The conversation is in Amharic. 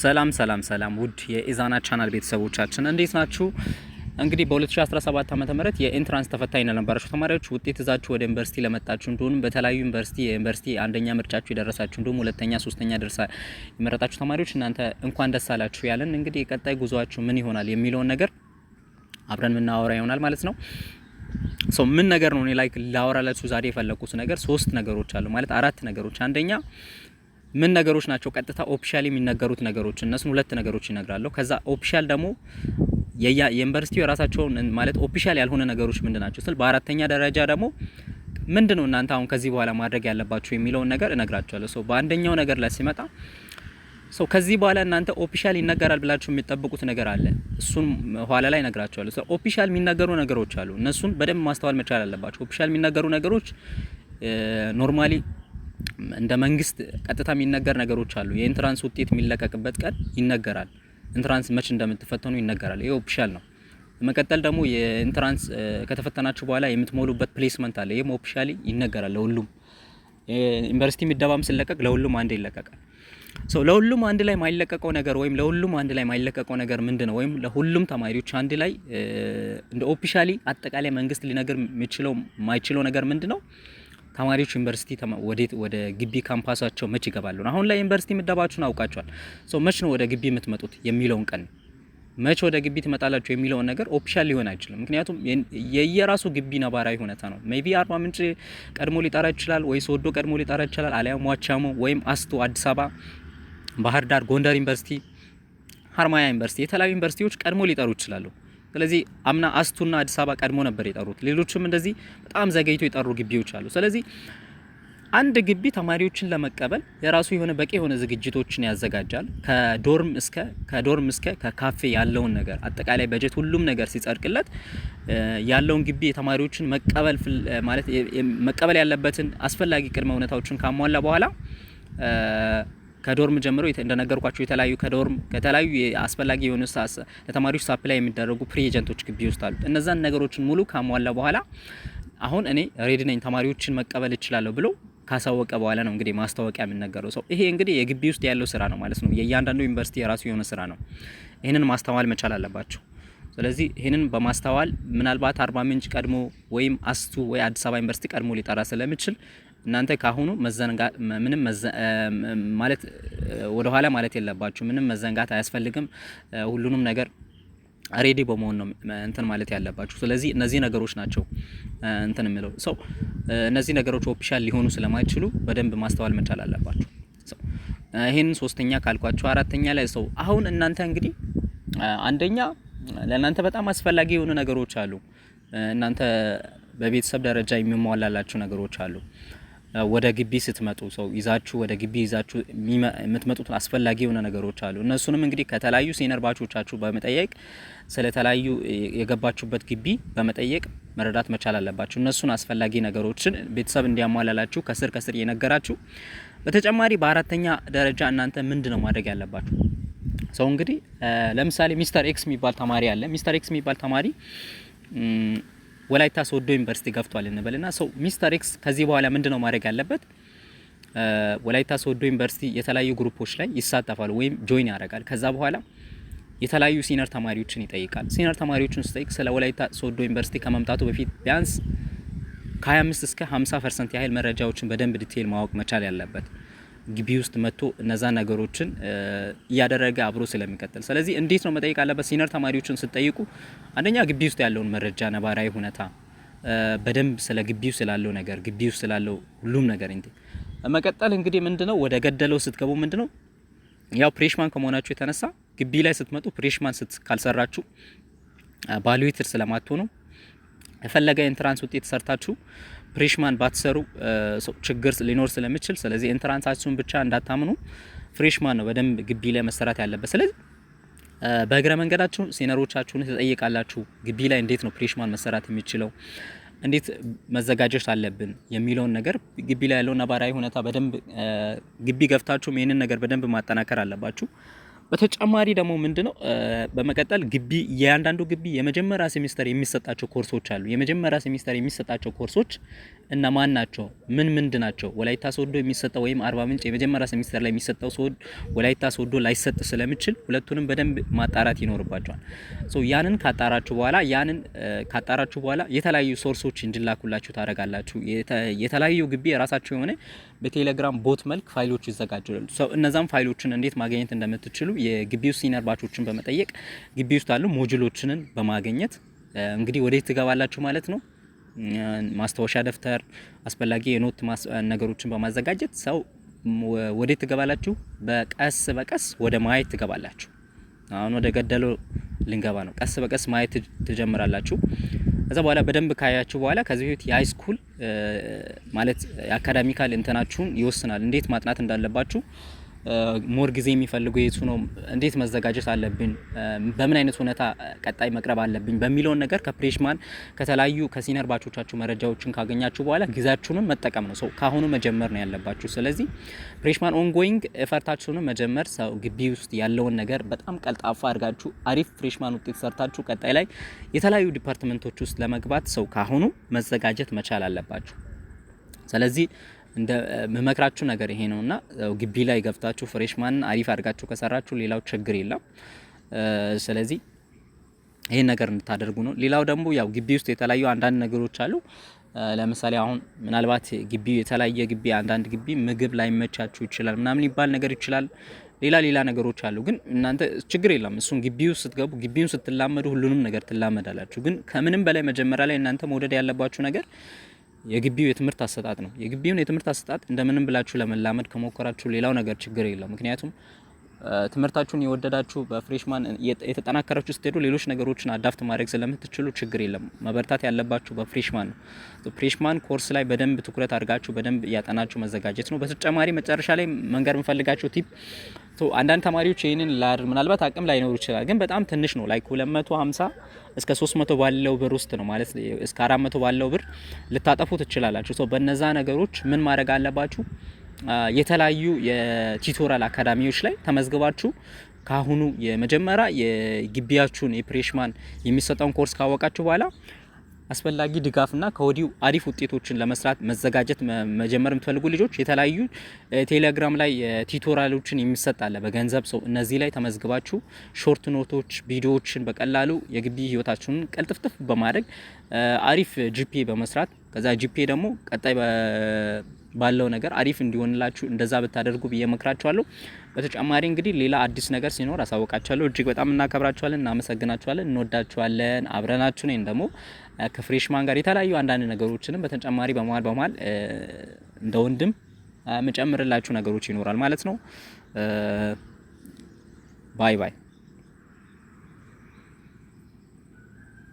ሰላም ሰላም ሰላም ውድ የኢዛና ቻናል ቤተሰቦቻችን እንዴት ናችሁ? እንግዲህ በ2017 ዓ.ም የኤንትራንስ ተፈታኝ ለነበራችሁ ተማሪዎች ውጤት ይዛችሁ ወደ ዩኒቨርሲቲ ለመጣችሁ እንዲሁም በተለያዩ ዩኒቨርሲቲ የዩኒቨርሲቲ አንደኛ ምርጫችሁ የደረሳችሁ እንዲሁም ሁለተኛ፣ ሶስተኛ ደርሳ የመረጣችሁ ተማሪዎች እናንተ እንኳን ደስ አላችሁ ያለን እንግዲህ የቀጣይ ጉዞአችሁ ምን ይሆናል የሚለውን ነገር አብረን የምናወራ ይሆናል ማለት ነው። ሶ ምን ነገር ነው እኔ ላይክ ላወራላችሁ ዛሬ የፈለኩት ነገር ሶስት ነገሮች አሉ ማለት አራት ነገሮች አንደኛ ምን ነገሮች ናቸው ቀጥታ ኦፊሻል የሚነገሩት ነገሮች? እነሱን ሁለት ነገሮች ይነግራለሁ። ከዛ ኦፊሻል ደግሞ የዩኒቨርሲቲው የራሳቸውን ማለት ኦፊሻል ያልሆነ ነገሮች ምንድን ናቸው ስል፣ በአራተኛ ደረጃ ደግሞ ምንድን ነው እናንተ አሁን ከዚህ በኋላ ማድረግ ያለባችሁ የሚለውን ነገር እነግራቸዋለሁ። በአንደኛው ነገር ላይ ሲመጣ ሰው ከዚህ በኋላ እናንተ ኦፊሻል ይነገራል ብላችሁ የሚጠብቁት ነገር አለ። እሱን ኋላ ላይ እነግራቸዋለሁ። ሰው ኦፊሻል የሚነገሩ ነገሮች አሉ። እነሱን በደንብ ማስተዋል መቻል አለባቸው። ኦፊሻል የሚነገሩ ነገሮች ኖርማሊ እንደ መንግስት ቀጥታ የሚነገር ነገሮች አሉ። የኢንትራንስ ውጤት የሚለቀቅበት ቀን ይነገራል። ኢንትራንስ መች እንደምትፈተኑ ይነገራል። ይሄ ኦፊሻል ነው። መቀጠል ደግሞ የኢንትራንስ ከተፈተናችሁ በኋላ የምትሞሉበት ፕሌስመንት አለ። ይሄም ኦፊሻሊ ይነገራል ለሁሉም ዩኒቨርሲቲ የሚደባም ሲለቀቅ ለሁሉም አንድ ይለቀቃል። ሶ ለሁሉም አንድ ላይ ማይለቀቀው ነገር ወይም ለሁሉም አንድ ላይ ማይለቀቀው ነገር ምንድነው? ወይም ለሁሉም ተማሪዎች አንድ ላይ እንደ ኦፊሻሊ አጠቃላይ መንግስት ሊነገር የሚችለው ማይችለው ነገር ምንድነው? ተማሪዎች ዩኒቨርሲቲ ወዴት ወደ ግቢ ካምፓሳቸው መች ይገባሉ? አሁን ላይ ዩኒቨርሲቲ ምደባችሁን አውቃችኋል። ሶ መች ነው ወደ ግቢ የምትመጡት የሚለውን ቀን መች ወደ ግቢ ትመጣላችሁ የሚለውን ነገር ኦፊሻል ሊሆን አይችልም። ምክንያቱም የየራሱ ግቢ ነባራዊ ሁኔታ ነው። ሜቢ አርባ ምንጭ ቀድሞ ሊጠራ ይችላል፣ ወይ ሶዶ ቀድሞ ሊጠራ ይችላል፣ አሊያም ዋቻሞ ወይም አስቶ አዲስ አበባ፣ ባህር ዳር፣ ጎንደር ዩኒቨርሲቲ፣ ሀርማያ ዩኒቨርሲቲ፣ የተለያዩ ዩኒቨርሲቲዎች ቀድሞ ሊጠሩ ይችላሉ። ስለዚህ አምና አስቱና አዲስ አበባ ቀድሞ ነበር የጠሩት። ሌሎችም እንደዚህ በጣም ዘገይቶ የጠሩ ግቢዎች አሉ። ስለዚህ አንድ ግቢ ተማሪዎችን ለመቀበል የራሱ የሆነ በቂ የሆነ ዝግጅቶችን ያዘጋጃል። ከዶርም እስከ ከዶርም እስከ ከካፌ ያለውን ነገር አጠቃላይ በጀት ሁሉም ነገር ሲጸድቅለት ያለውን ግቢ የተማሪዎችን መቀበል ማለት መቀበል ያለበትን አስፈላጊ ቅድመ ሁኔታዎችን ካሟላ በኋላ ከዶርም ጀምሮ እንደነገርኳቸው የተለያዩ ከዶርም ከተለያዩ አስፈላጊ የሆኑ ለተማሪዎች ሳፕላይ የሚደረጉ ፕሪ ኤጀንቶች ግቢ ውስጥ አሉት። እነዛን ነገሮችን ሙሉ ካሟላ በኋላ አሁን እኔ ሬድ ነኝ ተማሪዎችን መቀበል እችላለሁ ብሎ ካሳወቀ በኋላ ነው እንግዲህ ማስታወቂያ የምንነገረው ሰው። ይሄ እንግዲህ የግቢ ውስጥ ያለው ስራ ነው ማለት ነው። የእያንዳንዱ ዩኒቨርሲቲ የራሱ የሆነ ስራ ነው። ይህንን ማስተዋል መቻል አለባቸው። ስለዚህ ይህንን በማስተዋል ምናልባት አርባ ምንጭ ቀድሞ ወይም አስቱ ወይ አዲስ አበባ ዩኒቨርሲቲ ቀድሞ ሊጠራ ስለሚችል እናንተ ካሁኑ ምንም ማለት ወደኋላ ማለት የለባችሁ። ምንም መዘንጋት አያስፈልግም። ሁሉንም ነገር ሬዲ በመሆን ነው እንትን ማለት ያለባችሁ። ስለዚህ እነዚህ ነገሮች ናቸው እንትን የሚለው ሰው እነዚህ ነገሮች ኦፊሻል ሊሆኑ ስለማይችሉ በደንብ ማስተዋል መቻል አለባችሁ። ይህን ሶስተኛ ካልኳችሁ አራተኛ ላይ ሰው አሁን እናንተ እንግዲህ አንደኛ ለእናንተ በጣም አስፈላጊ የሆኑ ነገሮች አሉ። እናንተ በቤተሰብ ደረጃ የሚሟላላችሁ ነገሮች አሉ። ወደ ግቢ ስትመጡ ሰው ይዛችሁ ወደ ግቢ ይዛችሁ የምትመጡት አስፈላጊ የሆነ ነገሮች አሉ። እነሱንም እንግዲህ ከተለያዩ ሴነር ባቾቻችሁ በመጠየቅ ስለተለያዩ የገባችሁበት ግቢ በመጠየቅ መረዳት መቻል አለባችሁ። እነሱን አስፈላጊ ነገሮችን ቤተሰብ እንዲያሟላላችሁ ከስር ከስር እየነገራችሁ በተጨማሪ በአራተኛ ደረጃ እናንተ ምንድን ነው ማድረግ ያለባችሁ? ሰው እንግዲህ ለምሳሌ ሚስተር ኤክስ የሚባል ተማሪ አለ። ሚስተር ኤክስ የሚባል ተማሪ ወላይታ ሶዶ ዩኒቨርሲቲ ገብቷል እንበልና ሰው ሚስተር ኤክስ ከዚህ በኋላ ምንድነው ማድረግ ያለበት? ወላይታ ሶዶ ዩኒቨርሲቲ የተለያዩ ግሩፖች ላይ ይሳተፋል ወይም ጆይን ያደርጋል። ከዛ በኋላ የተለያዩ ሲኒየር ተማሪዎችን ይጠይቃል። ሲኒየር ተማሪዎችን ስጠይቅ ስለ ወላይታ ሶዶ ዩኒቨርሲቲ ከመምጣቱ በፊት ቢያንስ ከ25 እስከ 50 ፐርሰንት ያህል መረጃዎችን በደንብ ዲቴይል ማወቅ መቻል ያለበት ግቢ ውስጥ መጥቶ እነዛ ነገሮችን እያደረገ አብሮ ስለሚቀጥል፣ ስለዚህ እንዴት ነው መጠየቅ አለበት? ሲኒየር ተማሪዎችን ስጠይቁ አንደኛ ግቢ ውስጥ ያለውን መረጃ፣ ነባራዊ ሁኔታ በደንብ ስለ ግቢው ስላለው ነገር ግቢው ስላለው ሁሉም ነገር እንዴ መቀጠል እንግዲህ ምንድነው ወደ ገደለው ስትገቡ ምንድነው ያው ፕሬሽማን ከመሆናችሁ የተነሳ ግቢ ላይ ስትመጡ ፕሬሽማን ስት ካልሰራችሁ ባሉዊትር ስለማትሆኑ የፈለገ ኤንትራንስ ውጤት ሰርታችሁ ፍሬሽማን ባትሰሩ ችግር ሊኖር ስለሚችል፣ ስለዚህ ኢንትራንሳችሁን ብቻ እንዳታምኑ። ፍሬሽማን ነው በደንብ ግቢ ላይ መሰራት ያለበት። ስለዚህ በእግረ መንገዳችሁ ሴነሮቻችሁን ትጠይቃላችሁ። ግቢ ላይ እንዴት ነው ፍሬሽማን መሰራት የሚችለው እንዴት መዘጋጀት አለብን የሚለውን ነገር ግቢ ላይ ያለው ነባራዊ ሁኔታ በደንብ ግቢ ገፍታችሁም ይህንን ነገር በደንብ ማጠናከር አለባችሁ። በተጨማሪ ደግሞ ምንድነው በመቀጠል ግቢ የአንዳንዱ ግቢ የመጀመሪያ ሴሚስተር የሚሰጣቸው ኮርሶች አሉ። የመጀመሪያ ሴሚስተር የሚሰጣቸው ኮርሶች እና ማን ናቸው? ምን ምንድ ናቸው? ወላይታ ሶዶ የሚሰጠው ወይም አርባ ምንጭ የመጀመሪያ ሴሚስተር ላይ የሚሰጠው ወላይታ ሶዶ ላይሰጥ ስለምችል ሁለቱንም በደንብ ማጣራት ይኖርባቸዋል። ያንን ካጣራችሁ በኋላ ያንን ካጣራችሁ በኋላ የተለያዩ ሶርሶች እንዲላኩላችሁ ታደርጋላችሁ። የተለያዩ ግቢ የራሳቸው የሆነ በቴሌግራም ቦት መልክ ፋይሎች ይዘጋጃሉ። እነዛም ፋይሎችን እንዴት ማግኘት እንደምትችሉ የግቢ ውስጥ ሲኒየር ባቾችን በመጠየቅ ግቢ ውስጥ አሉ ሞጁሎችንን በማግኘት እንግዲህ ወዴት ትገባላችሁ ማለት ነው። ማስታወሻ ደብተር፣ አስፈላጊ የኖት ነገሮችን በማዘጋጀት ሰው ወዴት ትገባላችሁ? በቀስ በቀስ ወደ ማየት ትገባላችሁ። አሁን ወደ ገደሉ ልንገባ ነው። ቀስ በቀስ ማየት ትጀምራላችሁ። ከዛ በኋላ በደንብ ካያችሁ በኋላ ከዚህ በፊት ስኩል ማለት የአካዳሚካል እንትናችሁን ይወስናል፣ እንዴት ማጥናት እንዳለባችሁ ሞር ጊዜ የሚፈልጉ የቱ ነው፣ እንዴት መዘጋጀት አለብን፣ በምን አይነት ሁኔታ ቀጣይ መቅረብ አለብኝ በሚለውን ነገር ከፍሬሽማን ከተለያዩ ከሲነር ባቾቻችሁ መረጃዎችን ካገኛችሁ በኋላ ጊዜያችሁንም መጠቀም ነው። ሰው ካሁኑ መጀመር ነው ያለባችሁ። ስለዚህ ፍሬሽማን ኦንጎይንግ እፈርታችሁንም መጀመር ሰው ግቢ ውስጥ ያለውን ነገር በጣም ቀልጣፋ አድርጋችሁ አሪፍ ፍሬሽማን ውጤት ሰርታችሁ ቀጣይ ላይ የተለያዩ ዲፓርትመንቶች ውስጥ ለመግባት ሰው ካሁኑ መዘጋጀት መቻል አለባችሁ። ስለዚህ እንደ መመክራችሁ ነገር ይሄ ነውና ግቢ ላይ ገብታችሁ ፍሬሽማን አሪፍ አድርጋችሁ ከሰራችሁ ሌላው ችግር የለም። ስለዚህ ይሄን ነገር እንድታደርጉ ነው። ሌላው ደግሞ ያው ግቢ ውስጥ የተለያዩ አንዳንድ ነገሮች አሉ። ለምሳሌ አሁን ምናልባት ግቢ የተለያየ ግቢ አንዳንድ ግቢ ምግብ ላይመቻችሁ ይችላል ምናምን ይባል ነገር ይችላል። ሌላ ሌላ ነገሮች አሉ። ግን እናንተ ችግር የለም እሱን ግቢው ስትገቡ ግቢውን ስትላመዱ ሁሉንም ነገር ትላመዳላችሁ። ግን ከምንም በላይ መጀመሪያ ላይ እናንተ መውደድ ያለባችሁ ነገር የግቢው የትምህርት አሰጣጥ ነው። የግቢውን የትምህርት አሰጣጥ እንደምንም ብላችሁ ለመላመድ ከሞከራችሁ ሌላው ነገር ችግር የለው። ምክንያቱም ትምህርታችሁን የወደዳችሁ በፍሬሽማን የተጠናከራችሁ ስትሄዱ ሌሎች ነገሮችን አዳፍት ማድረግ ስለምትችሉ ችግር የለም። መበርታት ያለባችሁ በፍሬሽማን ነው። ፍሬሽማን ኮርስ ላይ በደንብ ትኩረት አድርጋችሁ በደንብ እያጠናችሁ መዘጋጀት ነው። በተጨማሪ መጨረሻ ላይ መንገር የምፈልጋችሁ ቲፕ አንዳንድ ተማሪዎች ይህንን ላር ምናልባት አቅም ላይኖሩ ይችላል፣ ግን በጣም ትንሽ ነው። ላይክ 250 እስከ 300 ባለው ብር ውስጥ ነው ማለት እስከ 400 ባለው ብር ልታጠፉ ትችላላችሁ። በነዛ ነገሮች ምን ማድረግ አለባችሁ? የተለያዩ የቲቶራል አካዳሚዎች ላይ ተመዝግባችሁ ካሁኑ የመጀመሪያ የግቢያችሁን የፕሬሽማን የሚሰጠውን ኮርስ ካወቃችሁ በኋላ አስፈላጊ ድጋፍና ከወዲሁ አሪፍ ውጤቶችን ለመስራት መዘጋጀት መጀመር የምትፈልጉ ልጆች የተለያዩ ቴሌግራም ላይ ቲቶራሎችን የሚሰጣለ በገንዘብ ሰው እነዚህ ላይ ተመዝግባችሁ ሾርት ኖቶች፣ ቪዲዮዎችን በቀላሉ የግቢ ህይወታችሁን ቀልጥፍጥፍ በማድረግ አሪፍ ጂፒኤ በመስራት ከዛ ጂፒኤ ደግሞ ቀጣይ ባለው ነገር አሪፍ እንዲሆንላችሁ እንደዛ ብታደርጉ ብዬ መክራችኋለሁ። በተጨማሪ እንግዲህ ሌላ አዲስ ነገር ሲኖር አሳውቃችኋለሁ። እጅግ በጣም እናከብራችኋለን፣ እናመሰግናችኋለን፣ እንወዳችኋለን። አብረናችሁ ነኝ ደግሞ ከፍሬሽማን ጋር የተለያዩ አንዳንድ ነገሮችንም በተጨማሪ በመሀል በመሀል እንደ ወንድም ነገሮች ይኖራል ማለት ነው። ባይ ባይ